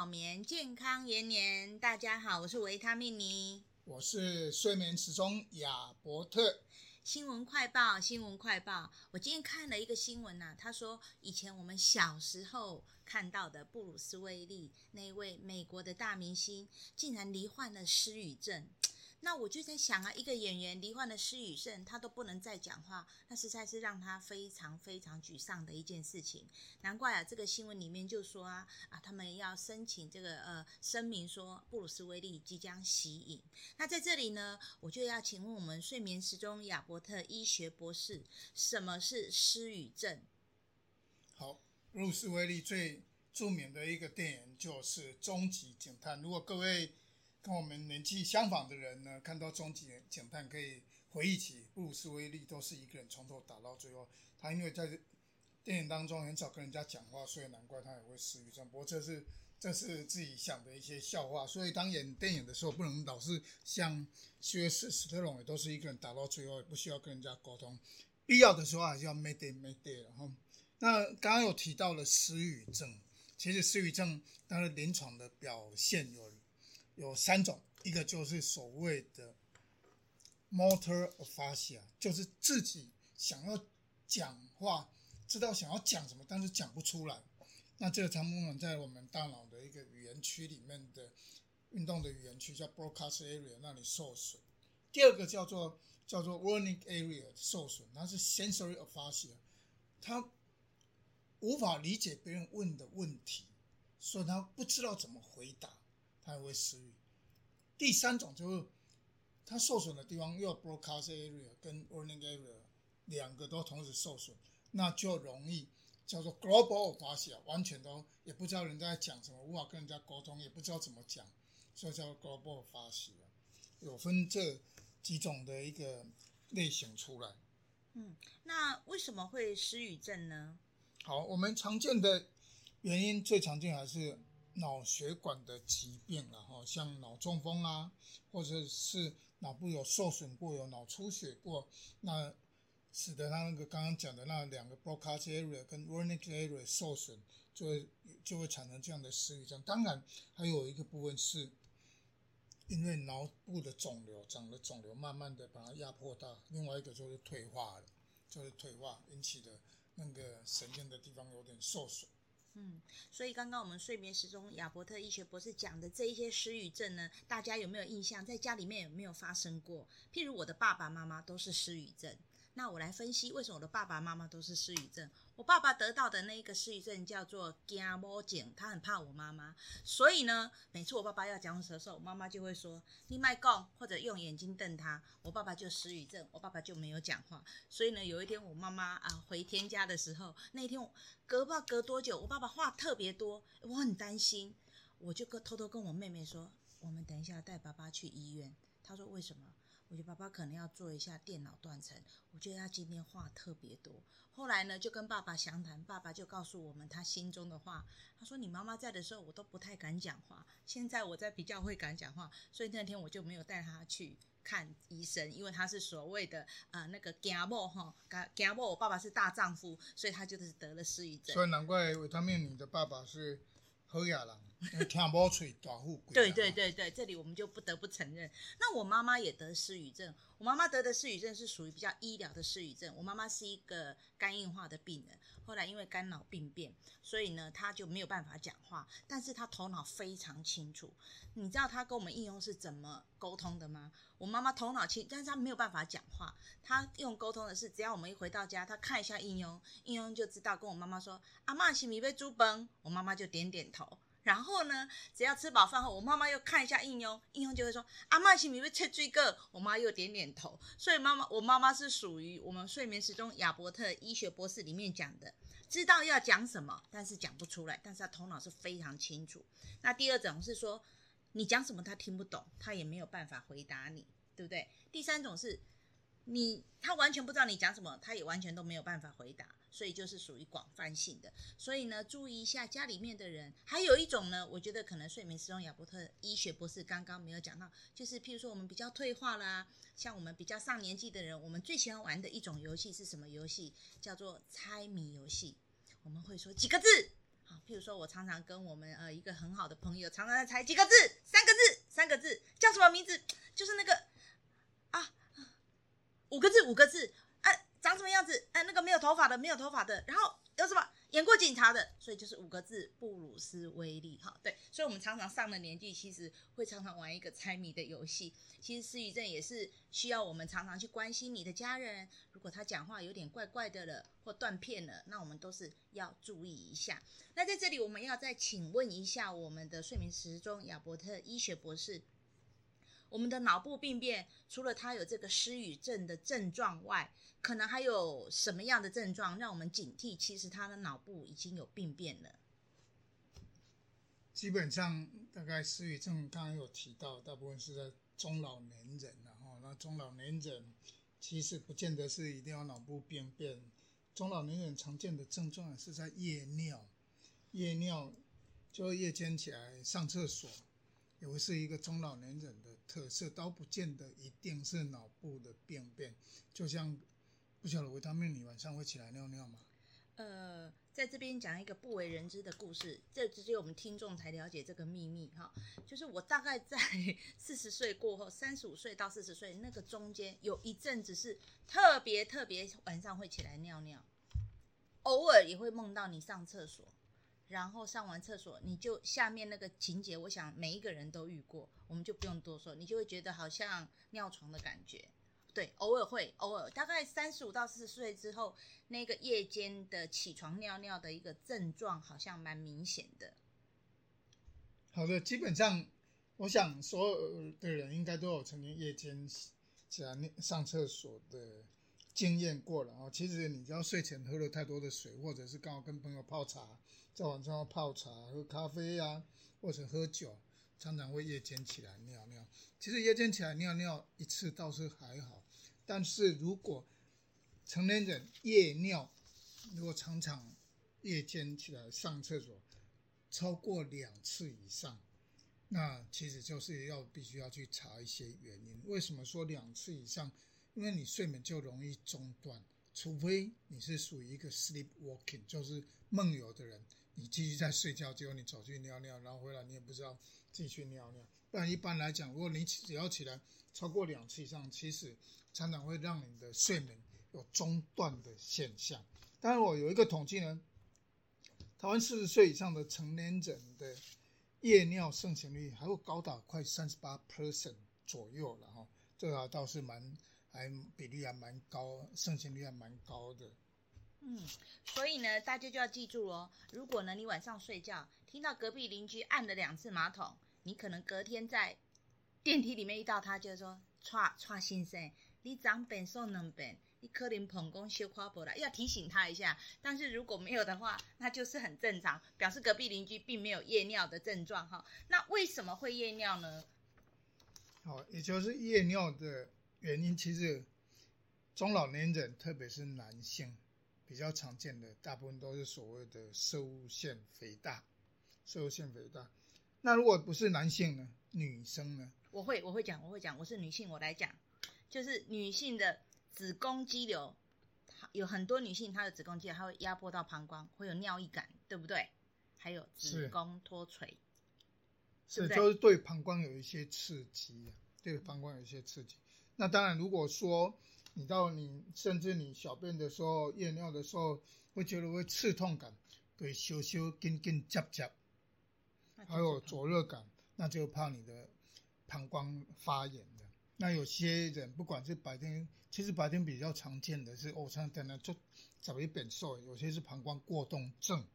好眠健康延年，大家好，我是維他命妮，我是睡眠時鐘亞伯特。新聞快報，新聞快報，我今天看了一個新聞吶、啊，他說以前我們小時候看到的布魯斯·威利那位美國的大明星，竟然罹患了失語症。那我就在想啊，一個演員罹患了失語症，他都不能再講話，那實在是讓他非常非常沮喪的一件事情。難怪啊，這個新聞裡面就說啊，啊，他們要申請這個呃聲明說布魯斯威利即將息影。那在這裡呢，我就要請問我們睡眠時鐘亞伯特醫學博士，什麼是失語症？好，布魯斯威利最著名的一個電影就是《終極警探》，如果各位。跟我們年紀相仿的人呢，看到終極的警探可以回憶起布魯斯威利都是一個人從頭打到最後。他因為在電影當中很少跟人家講話，所以難怪他也會失語症。不過這是這是自己想的一些笑話。所以當演電影的時候，不能老是像席維斯史特龍也都是一個人打到最後，也不需要跟人家溝通。必要的時候還是要 made made 哈。那剛剛有提到了失語症，其實失語症它的臨床的表現有。有三種，一個就是所謂的 motor aphasia 就是自己想要講話，知道想要講什麼，但是講不出來。那這個常常在我們大腦的一個語言區裡面的運動的語言區叫 broadcast area 那裡受損。第二個叫做叫做 warning area 受損，它是 sensory aphasia 他無法理解別人問的問題，所以他不知道怎麼回答。它也會失語。第三種就是它受損的地方又 Broca's area 跟 Wernicke's area 兩個都同時受損，那就容易叫做 global aphasia，完全都也不知道人家在講什麼，無法跟人家溝通，也不知道怎麼講，所以叫 global aphasia，有分這幾種的一個類型出來。嗯，那為什麼會失語症呢？好，我們常見的原因最常見還是。腦血管的疾病了、啊、哈，像腦中風啊，或者是腦部有受損過、有腦出血過，那使得他那個剛剛講的那兩個 Broca area 跟 Wernicke area 受損，就會就會產生這樣的失語症。當然，還有一個部分是因為腦部的腫瘤長了腫瘤，慢慢的把它壓迫到；另外一個就是退化了，就是退化引起的那個神經的地方有點受損。嗯，所以剛剛我們睡眠時鐘亞伯特醫學博士講的這一些失語症呢，大家有沒有印象？在家裡面有沒有發生過？譬如我的爸爸媽媽都是失語症。那我來分析為什麼我的爸爸媽媽都是失語症。我爸爸得到的那個失語症叫做驚某症，他很怕我媽媽，所以呢，每次我爸爸要講的時候，我媽媽就會說，你賣講，或者用眼睛瞪他，我爸爸就失語症，我爸爸就沒有講話。所以呢，有一天我媽媽啊回天家的時候，那一天我隔不知道隔多久，我爸爸話特別多，我很擔心，我就跟偷偷跟我妹妹說，我們等一下帶爸爸去醫院。她說，為什麼？我覺得爸爸可能要做一下電腦斷層。我覺得他今天話特別多。後來呢，就跟爸爸詳談，爸爸就告訴我們他心中的話。他說：“你媽媽在的時候，我都不太敢講話。現在我在比較會敢講話，所以那天我就沒有帶他去看醫生，因為他是所謂的啊、呃、那個驚怖哈，驚驚怖。我爸爸是大丈夫，所以他就是得了失語症。所以難怪他面臨的爸爸是侯雅郎。”聽無吹大富。 對對對對，這裡我們就不得不承認。那我媽媽也得失語症，我媽媽得的失語症是屬於比較醫療的失語症。我媽媽是一個肝硬化的病人，後來因為肝腦病變，所以呢，她就沒有辦法講話。但是她頭腦非常清楚。你知道她跟我們應用是怎麼溝通的嗎？我媽媽頭腦清，但是她沒有辦法講話。她用溝通的是，只要我們一回到家，她看一下應用，應用就知道跟我媽媽說：“阿嬤洗米杯煮崩。”我媽媽就點點頭。然後呢，只要吃飽飯後，我媽媽又看一下應用，應用就會說：“阿媽，請你再吃這個。”我媽又點點頭。所以媽媽，我媽媽是屬於我們睡眠時鐘亞伯特醫學博士裡面講的，知道要講什麼，但是講不出來。但是她頭腦是非常清楚。那第二種是說，你講什麼她聽不懂，她也沒有辦法回答你，對不對？第三種是。你他完全不知道你講什麼，他也完全都沒有辦法回答，所以就是屬於廣泛性的。所以呢，注意一下家裡面的人。還有一種呢，我覺得可能睡眠時鐘亞伯特醫學博士剛剛沒有講到，就是譬如說我們比較退化啦，像我們比較上年紀的人，我們最喜歡玩的一種遊戲是什麼遊戲？叫做猜謎遊戲。我們會說幾個字，好，譬如說我常常跟我們呃一個很好的朋友，常常在猜幾個字，三個字，三個字，三個字叫什麼名字？就是那個。五個字，五個字，哎、啊，長什麼樣子？哎、啊，那個沒有頭髮的，沒有頭髮的，然後有什麼演過警察的？所以就是五個字，布魯斯威利，哈，對。所以我們常常上了年紀，其實會常常玩一個猜謎的遊戲。其實失語症也是需要我們常常去關心你的家人，如果他講話有點怪怪的了，或斷片了，那我們都是要注意一下。那在這裡，我們要再請問一下我們的睡眠時鐘亞伯特醫學博士。我們的腦部病變，除了他有這個失語症的症狀外，可能還有什麼樣的症狀讓我們警惕？其實他的腦部已經有病變了。基本上，大概失語症剛剛有提到，大部分是在中老年人，然後那中老年人其實不見得是一定要腦部病變，中老年人常見的症狀是在夜尿，夜尿就夜間起來上廁所。也會是一個中老年人的特色，倒不見得一定是腦部的病變。就像不曉得維他命，你晚上會起來尿尿嗎？呃，在這邊講一個不為人知的故事，這只有我們聽眾才了解這個秘密哈。就是我大概在四十歲過後，三十五歲到四十歲那個中間有一陣子是特別特別晚上會起來尿尿，偶爾也會夢到你上廁所。然後上完廁所，你就下面那個情節，我想每一個人都遇過，我們就不用多說，你就會覺得好像尿床的感覺，對，偶爾會，偶爾，大概三十五到四十歲之後，那個夜間的起床尿尿的一個症狀好像蠻明顯的。好的，基本上，我想所有的人應該都有曾經夜間起來上廁所的經驗過了啊。其實你只要睡前喝了太多的水，或者是剛好跟朋友泡茶。到晚上泡茶、喝咖啡呀，啊，或者喝酒，常常會夜間起來尿尿。其實夜間起來尿尿一次倒是還好，但是如果成年人夜尿，如果常常夜間起來上廁所超過兩次以上，那其實就是要必須要去查一些原因。為什麼說兩次以上？因為你睡眠就容易中斷，除非你是屬於一個 sleepwalking，就是夢遊的人。你繼續在睡覺，結果你走去尿尿，然後回來你也不知道繼續尿尿。不然一般來講，如果你只要起來超過兩次以上，其實常常會讓你的睡眠有中斷的現象。但是我有一個統計呢，台灣四十歲以上的成年人的夜尿盛行率還會高達快三十八 percent 左右，然後這個倒是蠻還比例還蠻高，盛行率還蠻高的。嗯，所以呢，大家就要記住哦。如果呢，你晚上睡覺聽到隔壁鄰居按了兩次馬桶，你可能隔天在電梯裡面遇到他，就是、說“串串先生，你長本送兩本，你可能捧胱修垮破了”，要提醒他一下。但是如果沒有的話，那就是很正常，表示隔壁鄰居並沒有夜尿的症狀哈、哦。那為什麼會夜尿呢？哦，也就是夜尿的原因，其實中老年人，特別是男性。比較常見的，大部分都是所謂的攝護腺肥大，攝護腺肥大。那如果不是男性呢？女生呢？我會，我會講，我會講，我是女性，我來講。就是女性的子宮肌瘤，有很多女性她的子宮肌瘤，它會壓迫到膀胱，會有尿意感，對不對？還有子宮脫垂，是對不對是？就是對膀胱有一些刺激，對膀胱有一些刺激。那當然，如果說。你到你甚至你小便的時候，夜尿的時候，會覺得會刺痛感，對，燒燒、緊緊、夾夾，還有灼熱感，那就怕你的膀胱發炎的。那有些人不管是白天，其實白天比較常見的是，偶像常突然就早一點瘦，所以有些是膀胱過動症，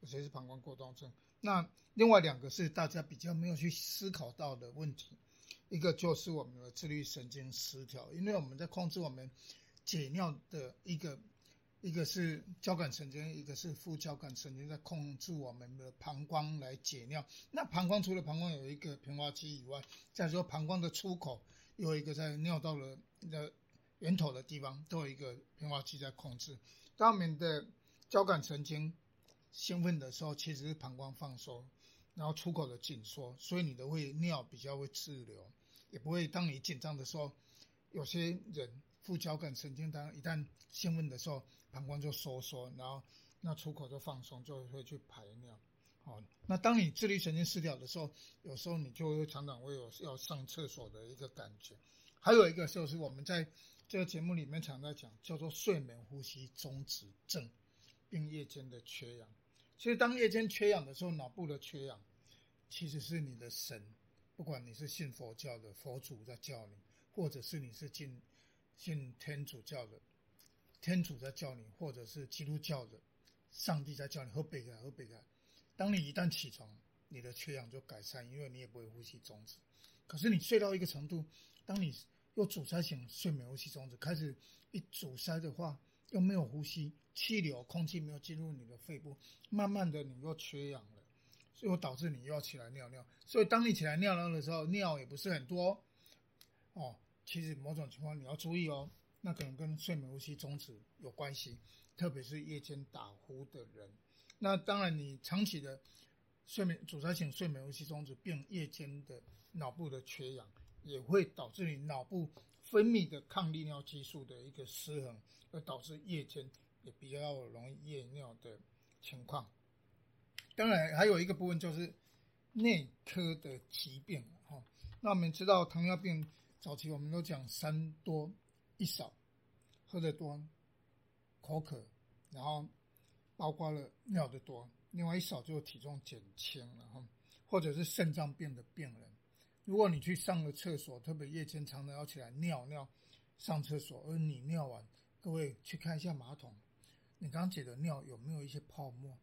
有些是膀胱過動症。那另外兩個是大家比較沒有去思考到的問題。一個就是我們的自律神經失調，因為我們在控制我們解尿的一個，一個是交感神經，一個是副交感神經在控制我們的膀胱來解尿。那膀胱除了膀胱有一個平滑肌以外，再說膀胱的出口有一個在尿道的的源頭的地方都有一個平滑肌在控制。當我們的交感神經興奮的時候，其實是膀胱放鬆，然後出口的緊縮，所以你的會尿比較會滯留。也不會當你緊張的時候，有些人副交感神經當一旦興奮的時候，膀胱就收縮，然後那出口就放鬆，就會去排尿。好、哦，那當你自律神經失調的時候，有時候你就會常常會有要上廁所的一個感覺。還有一個就是我們在這個節目裡面常在講，叫做睡眠呼吸中止症，並夜間的缺氧。所以當夜間缺氧的時候，腦部的缺氧其實是你的神。不管你是信佛教的，佛祖在教你，或者是你是信信天主教的，天主在教你，或者是基督教的，上帝在教你，喝杯水喝杯水。當你一旦起床，你的缺氧就改善，因為你也不會呼吸中止。可是你睡到一個程度，當你又阻塞性睡眠呼吸中止，開始一阻塞的話，又沒有呼吸，氣流空氣沒有進入你的肺部，慢慢的你又缺氧了。最後導致你又要起來尿尿，所以當你起來尿尿的時候，尿也不是很多哦，哦，其實某種情況你要注意哦，那可能跟睡眠呼吸中止有關係，特別是夜間打呼的人。那當然，你長期的睡眠阻塞性睡眠呼吸中止，並夜間的腦部的缺氧，也會導致你腦部分泌的抗利尿激素的一個失衡，而導致夜間也比較容易夜尿的情況。當然，還有一個部分就是內科的疾病哈。那我們知道糖尿病早期，我們都講三多一少，喝的多，口渴，然後包括了尿的多。另外一少就體重減輕了哈，或者是腎臟病的病人。如果你去上了廁所，特別夜間常常要起來尿尿上廁所，而你尿完，各位去看一下馬桶，你剛解的尿有沒有一些泡沫？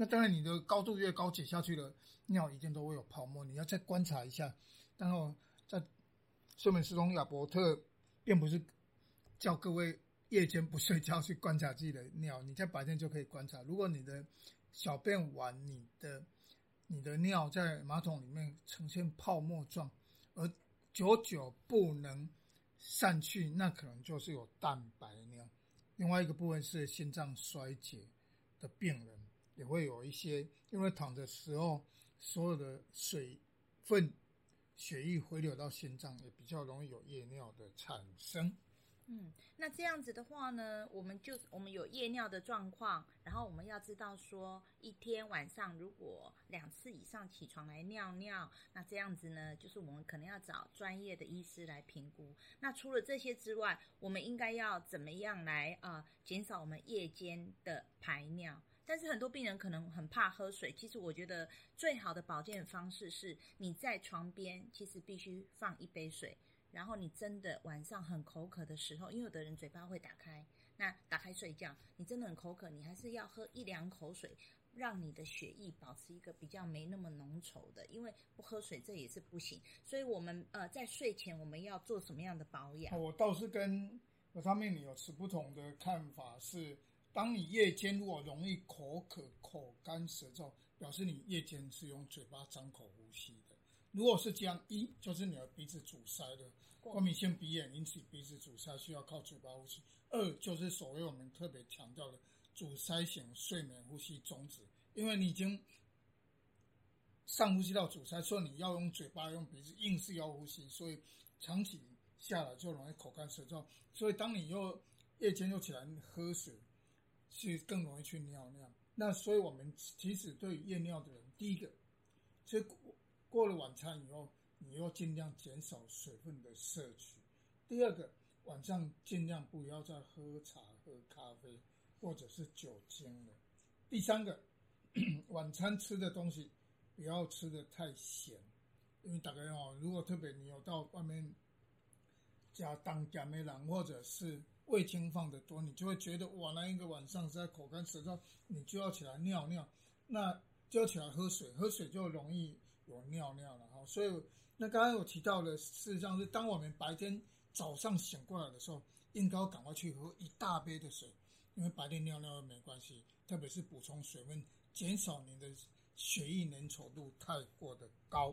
那當然，你的高度越高，解下去了，尿一定都會有泡沫。你要再觀察一下。然後在，睡眠時鐘亞伯特，並不是叫各位夜間不睡覺去觀察自己的尿，你在白天就可以觀察。如果你的小便完，你的你的尿在馬桶裡面呈現泡沫狀，而久久不能散去，那可能就是有蛋白的尿。另外一個部分是心臟衰竭的病人。也會有一些，因為躺的時候，所有的水分、血液回流到心臟，也比較容易有夜尿的產生。嗯，那這樣子的話呢，我們就我們有夜尿的狀況，然後我們要知道說，一天晚上如果兩次以上起床來尿尿，那這樣子呢，就是我們可能要找專業的醫師來評估。那除了這些之外，我們應該要怎麼樣來啊，呃，減少我們夜間的排尿？但是很多病人可能很怕喝水，其實我覺得最好的保健方式是，你在床邊其實必須放一杯水，然後你真的晚上很口渴的時候，因為有的人嘴巴會打開，那打開睡覺，你真的很口渴，你還是要喝一兩口水，讓你的血液保持一個比較沒那麼濃稠的，因為不喝水這也是不行。所以我們呃在睡前我們要做什麼樣的保養？我倒是跟我上面你有持不同的看法是。當你夜間如果容易口渴、口乾舌燥，表示你夜間是用嘴巴張口呼吸的。如果是這樣，一就是你的鼻子阻塞了，過敏性鼻炎引起鼻子阻塞，需要靠嘴巴呼吸；二就是所謂我們特別強調的阻塞型睡眠呼吸中止，因為你已經上呼吸道阻塞，所以你要用嘴巴、用鼻子硬是要呼吸，所以長期下來就容易口乾舌燥。所以當你又夜間又起來喝水，是更容易去尿尿，那所以我們其實對於夜尿的人，第一個，就過了晚餐以後，你要盡量減少水分的攝取；第二個，晚上盡量不要再喝茶、喝咖啡或者是酒精了；第三個，晚餐吃的東西不要吃的太鹹，因為大家要、哦，如果特別你有到外面加當加梅人，或者是。味精放得多，你就會覺得哇，那一個晚上在口乾舌燥，你就要起來尿尿，那就要起來喝水，喝水就容易有尿尿了哈。所以，那剛剛我提到的是是，事實上是當我們白天早上醒過來的時候，應該趕快去喝一大杯的水，因為白天尿尿沒關係，特別是補充水分，減少你的血液粘稠度太過的高。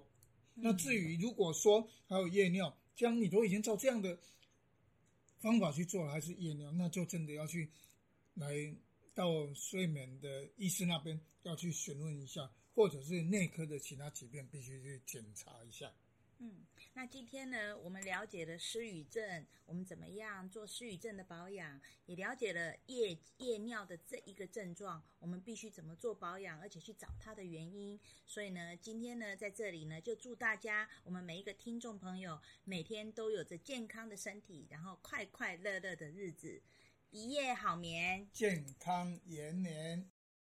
嗯、那至於如果說還有夜尿，這樣你都已經照這樣的。方法去做還是夜尿，那就真的要去，來到睡眠的醫師那邊要去詢問一下，或者是內科的其他疾病，必須去檢查一下。嗯，那今天呢，我們了解了失語症，我們怎麼樣做失語症的保養，也了解了夜夜尿的這一個症狀，我們必須怎麼做保養，而且去找它的原因。所以呢，今天呢，在這裡呢，就祝大家，我們每一個聽眾朋友，每天都有着健康的身體，然後快快樂樂的日子，一夜好眠，健康延年。